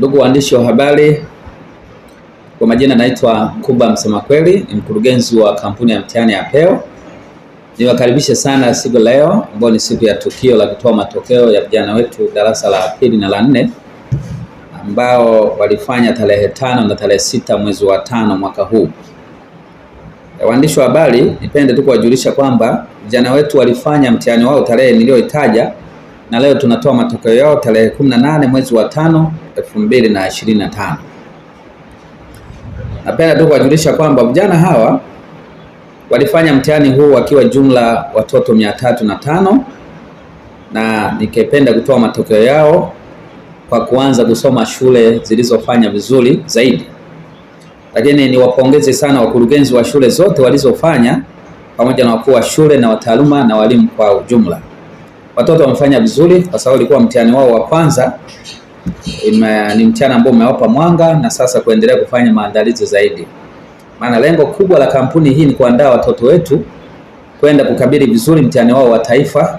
Ndugu waandishi wa habari, kwa majina naitwa Kuba Msema Kweli, ni mkurugenzi wa kampuni ya mtihani ya peo Niwakaribishe sana siku leo ambayo ni siku ya tukio la kutoa matokeo ya vijana wetu darasa la pili na la nne ambao walifanya tarehe tano na tarehe sita mwezi wa tano mwaka huu. Waandishi wa habari, nipende tu kuwajulisha kwamba vijana wetu walifanya mtihani wao tarehe niliyoitaja na leo tunatoa matokeo yao tarehe 18 mwezi wa tano 2025. Napenda tu kuwajulisha kwamba vijana hawa walifanya mtihani huu wakiwa jumla watoto 305 na na nikipenda kutoa matokeo yao kwa kuanza kusoma shule zilizofanya vizuri zaidi. Lakini niwapongeze sana wakurugenzi wa shule zote walizofanya pamoja na wakuu wa shule na wataaluma na walimu kwa ujumla. Watoto wamefanya vizuri kwa sababu ilikuwa mtihani wao wa kwanza, ni mtihani ambao umewapa mwanga na sasa kuendelea kufanya maandalizi zaidi, maana lengo kubwa la kampuni hii ni kuandaa watoto wetu kwenda kukabili vizuri mtihani wao wa taifa,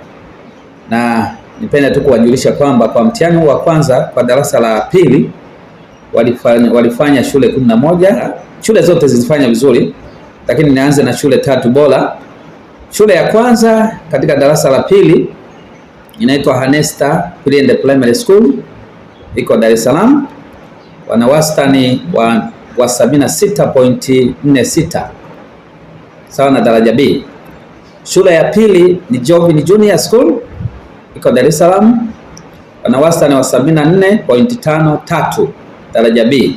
na nipende tu kuwajulisha kwamba kwa mtihani wa kwanza kwa darasa la pili walifanya, walifanya shule kumi na moja. Shule zote zilifanya vizuri, lakini nianze na shule tatu bora. Shule ya kwanza katika darasa la pili inaitwa Hanesta Pre and Primary School iko Dar es Salaam, wana wastani wa, wa 76.46 sawa na daraja B. Shule ya pili ni Jovin Junior School iko Dar es Salaam, wana wastani wa 74.53 daraja B,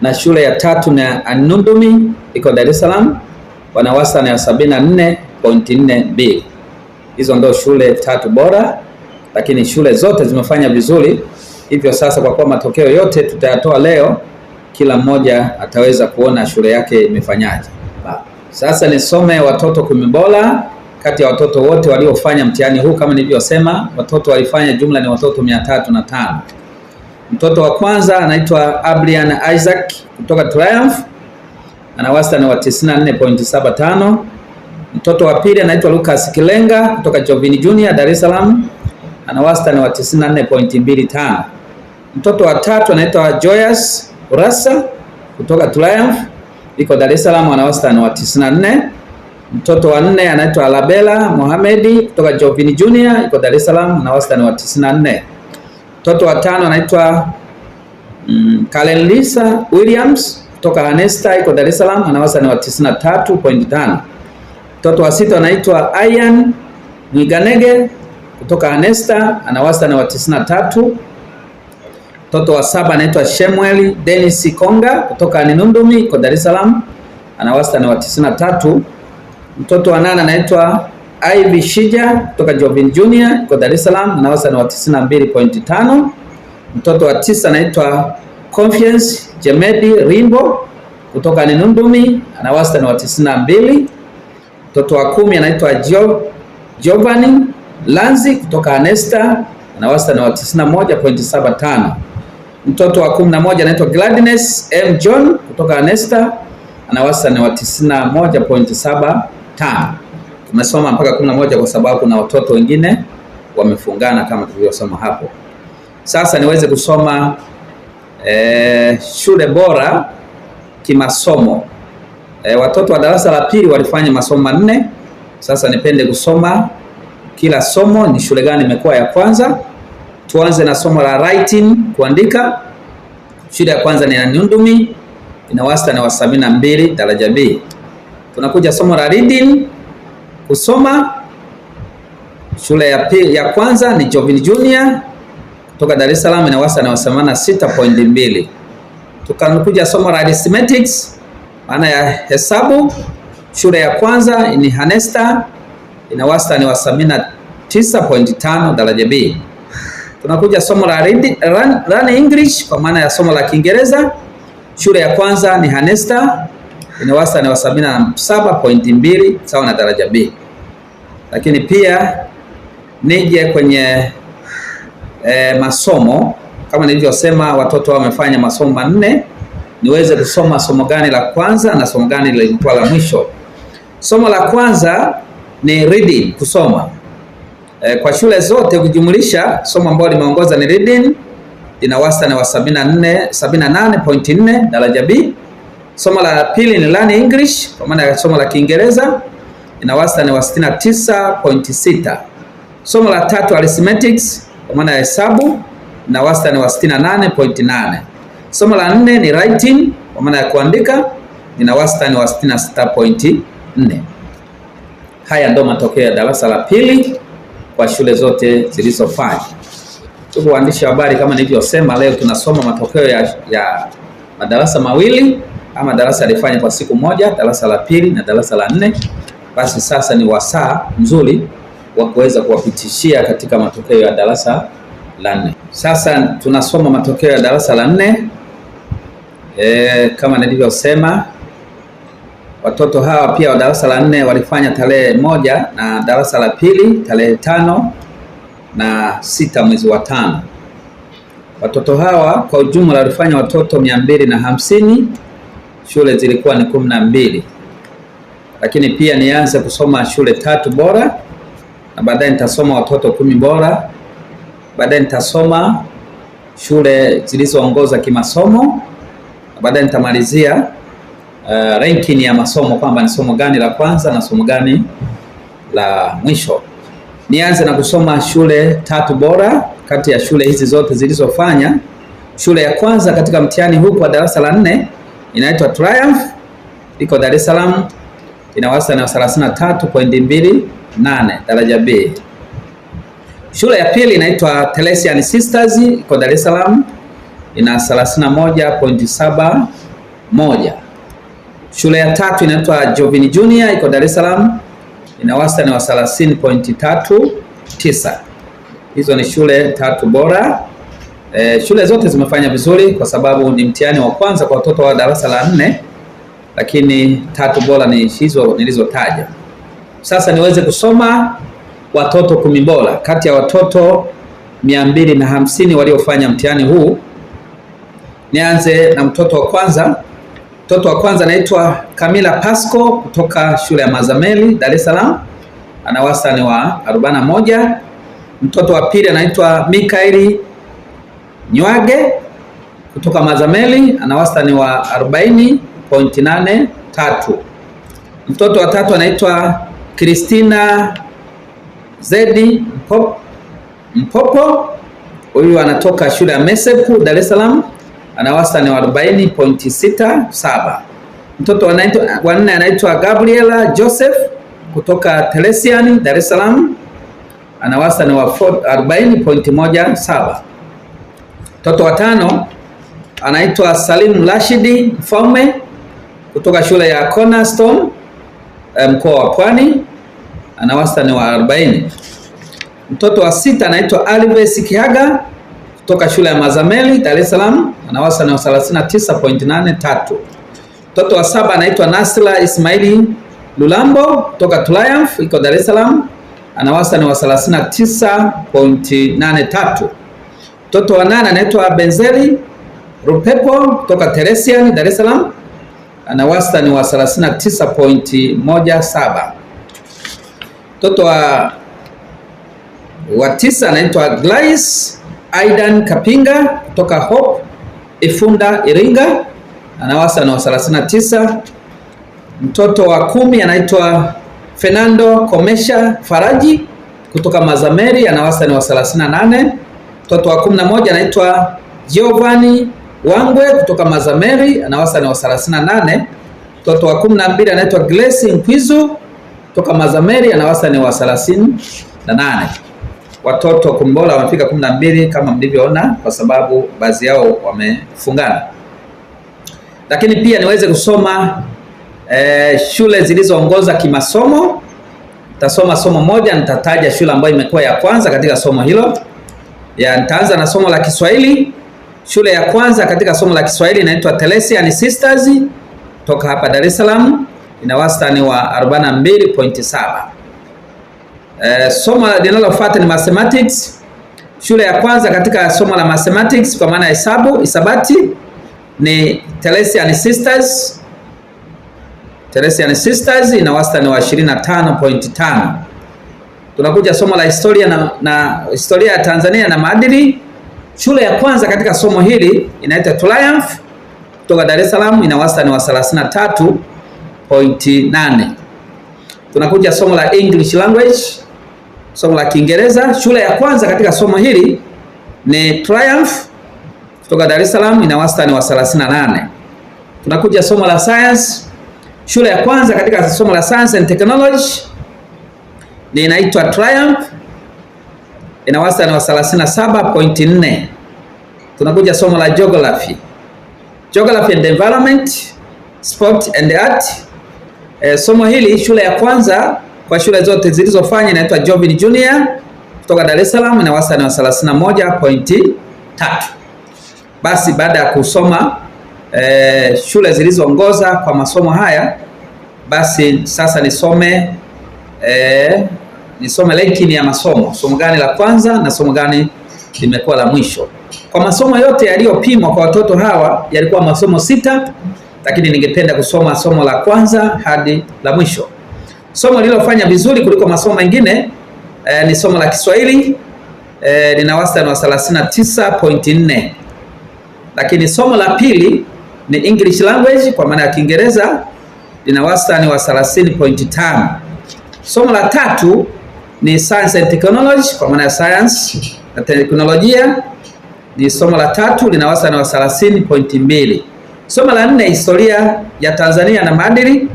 na shule ya tatu na Anundumi iko Dar es Salaam, wana wastani wa 74.42 Hizo ndo shule tatu bora, lakini shule zote zimefanya vizuri. Hivyo sasa, kwa kuwa matokeo yote tutayatoa leo, kila mmoja ataweza kuona shule yake imefanyaje. Sasa nisome watoto kumi bora kati ya watoto wote waliofanya mtihani huu. Kama nilivyosema, watoto walifanya jumla ni watoto mia tatu na tano. Mtoto wa kwanza anaitwa Abrian Isaac kutoka Triumph, ana wastani wa 94.75 Mtoto wa pili anaitwa Lucas Kilenga kutoka Jovini Junior Dar es Salaam, ana wastani wa 94.25. Mtoto wa tatu anaitwa Joyous Urasa kutoka Triumph iko Dar es Salaam, ana wastani wa 94. Mtoto wa nne anaitwa Labela Mohamed kutoka Jovini Junior iko Dar es Salaam, ana wastani wa 94. Mtoto wa tano anaitwa mm, Kalen Lisa Williams kutoka Anesta iko Dar es Salaam, ana wastani wa 93.5. Mtoto wa sita anaitwa Ian Mwiganege kutoka Anesta, ana wastani wa 93. Mtoto wa saba anaitwa Shemuel Dennis Konga kutoka Ninundumi kwa Dar es Salaam, ana wastani wa 93. Mtoto wa nane anaitwa Ivy Shija kutoka Jovin Junior kwa Dar es Salaam, ana wastani wa 92.5. Mtoto wa tisa anaitwa Confidence Jemedi Rimbo kutoka Ninundumi, ana wastani wa 92. Mtoto wa kumi anaitwa Job, Giovanni Lanzi kutoka Anesta na wastani wa 91.75. Mtoto wa 11 anaitwa Gladness M John kutoka Anesta ana wastani wa 91.75. Tumesoma mpaka 11 kwa sababu kuna watoto wengine wamefungana kama tulivyosoma hapo. Sasa niweze kusoma eh, shule bora kimasomo E, watoto wa darasa la pili walifanya masomo manne. Sasa nipende kusoma kila somo, ni shule gani imekuwa ya kwanza. Tuanze na somo la writing, kuandika. Shule ya kwanza ni ya Nyundumi, ina wastani wa sabini na mbili daraja B. Tunakuja somo la reading, kusoma. Shule ya pili ya kwanza ni Jovin Junior kutoka Dar es Salaam, ina wastani wa 86.2. Tukakuja somo la arithmetic maana ya Hesabu shule ya kwanza ni Hanesta ina wastani wa 79.5 daraja B. Tunakuja somo la reading, run, run English kwa maana ya somo la Kiingereza shule ya kwanza ni Hanesta ina wastani wa 77.2 sawa na daraja B. Lakini pia nije kwenye eh, masomo kama nilivyosema, watoto wamefanya masomo manne niweze kusoma somo gani la kwanza na somo gani lilikuwa la mwisho. Somo la kwanza ni reading, kusoma e, kwa shule zote kujumlisha. Somo ambalo limeongoza ni reading, ina wastani wa 74 78.4 daraja B. Somo la pili ni learn English, kwa maana ya somo la Kiingereza, ina wastani wa 69.6. Somo la tatu arithmetics, kwa maana ya hesabu, na wastani wa 68.8. Somo la nne ni writing kwa maana ya kuandika, nina wastani wa 66.4. Haya ndio matokeo ya darasa la pili kwa shule zote zilizofanya. Ndugu waandishi wa habari, kama nilivyosema, leo tunasoma matokeo ya, ya madarasa mawili ama darasa alifanya kwa siku moja, darasa la pili na darasa la nne. Basi sasa ni wasaa mzuri wa kuweza kuwapitishia katika matokeo ya darasa la nne. Sasa tunasoma matokeo ya darasa la nne. E, kama nilivyosema watoto hawa pia wa darasa la nne walifanya tarehe moja na darasa la pili tarehe tano na sita mwezi wa tano. Watoto hawa kwa ujumla walifanya watoto mia mbili na hamsini. Shule zilikuwa ni kumi na mbili, lakini pia nianze kusoma shule tatu bora na baadaye nitasoma watoto kumi bora, baadaye nitasoma shule zilizoongoza kimasomo baadaye nitamalizia uh, ranking ya masomo kwamba ni somo gani la kwanza na somo gani la mwisho. Nianze na kusoma shule tatu bora kati ya shule hizi zote zilizofanya. Shule ya kwanza katika mtihani huu kwa darasa la nne inaitwa Triumph, iko Dar es Salaam, ina wastani wa 33.28 daraja B. Shule ya pili inaitwa Teresian Sisters iko Dar es Salaam ina 31.71. Shule ya tatu inaitwa Jovini Junior iko Dar es Salaam ina wastani wa 30.39. Hizo ni shule tatu bora. E, shule zote zimefanya vizuri kwa sababu ni mtihani wa kwanza kwa watoto wa darasa la nne, lakini tatu bora ni hizo nilizotaja. Sasa niweze kusoma watoto kumi bora kati ya watoto mia mbili na hamsini waliofanya mtihani huu Nianze na mtoto wa kwanza. Mtoto wa kwanza anaitwa kamila Pasco kutoka shule ya Mazameli, Dar es Salaam, ana wastani wa 41. Mtoto wa pili anaitwa Mikaeli Nywage kutoka Mazameli, ana wastani wa 40.83. Mtoto wa tatu anaitwa kristina Zedi Mpopo, huyu anatoka shule ya Mesepu, Dar es Salaam ana wastani wa 40.67. Mtoto wa nne anaitwa Gabriela Joseph kutoka Teresiani, Dar es Salaam, ana wastani wa 40.17. Mtoto wa tano anaitwa Salim Rashidi Mfaume kutoka shule ya Cornerstone eh, mkoa wa Pwani, ana wastani wa 40. Mtoto wa sita anaitwa Alves Kihaga kutoka shule ya Mazameli Dar es Salaam, ana wastani wa 39.83. Mtoto wa saba anaitwa Nasla Ismaili Lulambo kutoka Triumph iko Dar es Salaam, ana wastani wa 39.83. Mtoto wa nane anaitwa Benzeli Rupepo kutoka Teresian Dar es Salaam, ana wastani wa 39.17. Mtoto wa wa tisa anaitwa Glyce Aidan Kapinga kutoka Hope Ifunda Iringa ana wastani wa tisa. Mtoto wa kumi anaitwa Fernando Komesha Faraji kutoka Mazameri ana wastani wa 38. Mtoto wa 11 anaitwa Giovanni Wangwe kutoka Mazameri ana wastani wa 38. Mtoto wa 12 anaitwa Grace Nkwizu kutoka Mazameri ana wastani wa 38 watoto kumbola wamefika kumi na mbili kama mlivyoona, kwa sababu baadhi yao wamefungana. Lakini pia niweze kusoma eh, shule zilizoongoza kimasomo. Nitasoma somo moja, nitataja shule ambayo imekuwa ya kwanza katika somo hilo. Ya, nitaanza na somo la Kiswahili. Shule ya kwanza katika somo la Kiswahili inaitwa Teresian Sisters toka hapa Dar es Salaam, ina wastani wa 42.7. Eh, somo linalofuata ni mathematics, shule ya kwanza katika somo la mathematics kwa maana hesabu, hisabati ni Teresian Sisters. Teresian Sisters ina wastani wa 25.5. Tunakuja somo la historia na, na historia ya Tanzania na maadili. Shule ya kwanza katika somo hili inaitwa Triumph kutoka Dar es Salaam, ina wastani wa 33.8. Tunakuja somo la English language somo la Kiingereza. Shule ya kwanza katika somo hili ni Triumph kutoka Dar es Salaam, ina wastani wa 38. Tunakuja somo la science. Shule ya kwanza katika somo la science and technology ni inaitwa Triumph, ina wastani wa 37.4. Tunakuja somo la geography, geography and environment, sport and art. E, somo hili shule ya kwanza kwa shule zote zilizofanya inaitwa Jovin Junior kutoka Dar es Salaam ina wastani wa tatu. Basi baada ya kusoma eh, shule zilizoongoza kwa masomo haya, basi sasa nisome eh, nisome ranking ya masomo, somo gani la kwanza na somo gani limekuwa la mwisho. Kwa masomo yote yaliyopimwa kwa watoto hawa yalikuwa masomo sita, lakini ningependa kusoma somo la kwanza hadi la mwisho. Somo lililofanya vizuri kuliko masomo mengine eh, ni somo la Kiswahili eh, lina wastani wa 39.4, lakini somo la pili ni English language kwa maana ya Kiingereza lina wastani wa 30.5. Somo la tatu ni science and technology kwa maana ya science na teknolojia ni somo la tatu lina wastani wa 30.2. Somo la nne historia ya Tanzania na maadili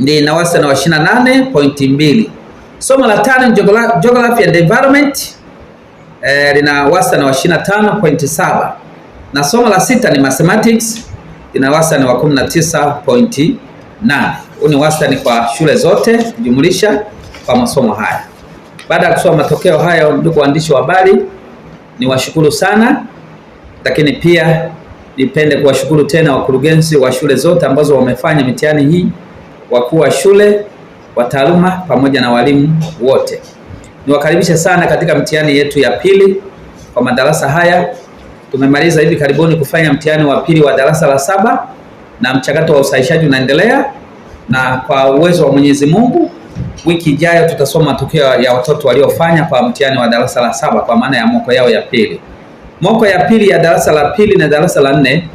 ni na wastani wa 28.2. Somo la tano Geography and Environment eh, lina wastani wa 25.7 na somo la sita ni Mathematics lina wastani wa 19.8. Huu ni wastani kwa shule zote kujumlisha kwa masomo haya. Baada ya kusoma matokeo hayo, ndugu waandishi wa habari, niwashukuru sana, lakini pia nipende kuwashukuru tena wakurugenzi wa shule zote ambazo wamefanya mitihani hii wakuu wa shule, wataaluma pamoja na walimu wote. Niwakaribishe sana katika mtihani yetu ya pili kwa madarasa haya. Tumemaliza hivi karibuni kufanya mtihani wa pili wa darasa la saba na mchakato wa usahihishaji unaendelea, na kwa uwezo wa Mwenyezi Mungu wiki ijayo tutasoma matokeo ya watoto waliofanya kwa mtihani wa darasa la saba kwa maana ya moko yao ya pili. Moko ya pili ya darasa la pili na darasa la nne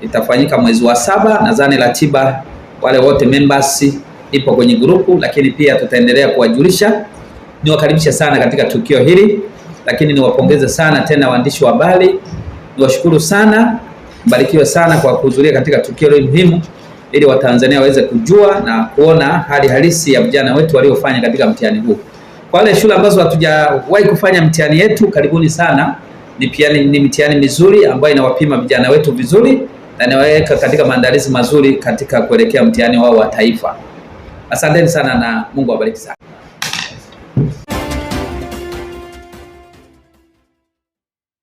itafanyika mwezi wa saba, nadhani ratiba wale wote members ipo kwenye grupu, lakini pia tutaendelea kuwajulisha. niwakaribisha sana katika tukio hili, lakini niwapongeze sana tena waandishi wa habari, niwashukuru sana, mbarikiwe sana kwa kuhudhuria katika tukio hili muhimu, ili Watanzania waweze kujua na kuona hali halisi ya vijana wetu waliofanya katika mtihani huu. Kwa wale shule ambazo hatujawahi kufanya mtihani yetu, karibuni sana. Ni, ni mitihani mizuri ambayo inawapima vijana wetu vizuri na niwaweka katika maandalizi mazuri katika kuelekea mtihani wao wa taifa. Asanteni sana na Mungu awabariki sana.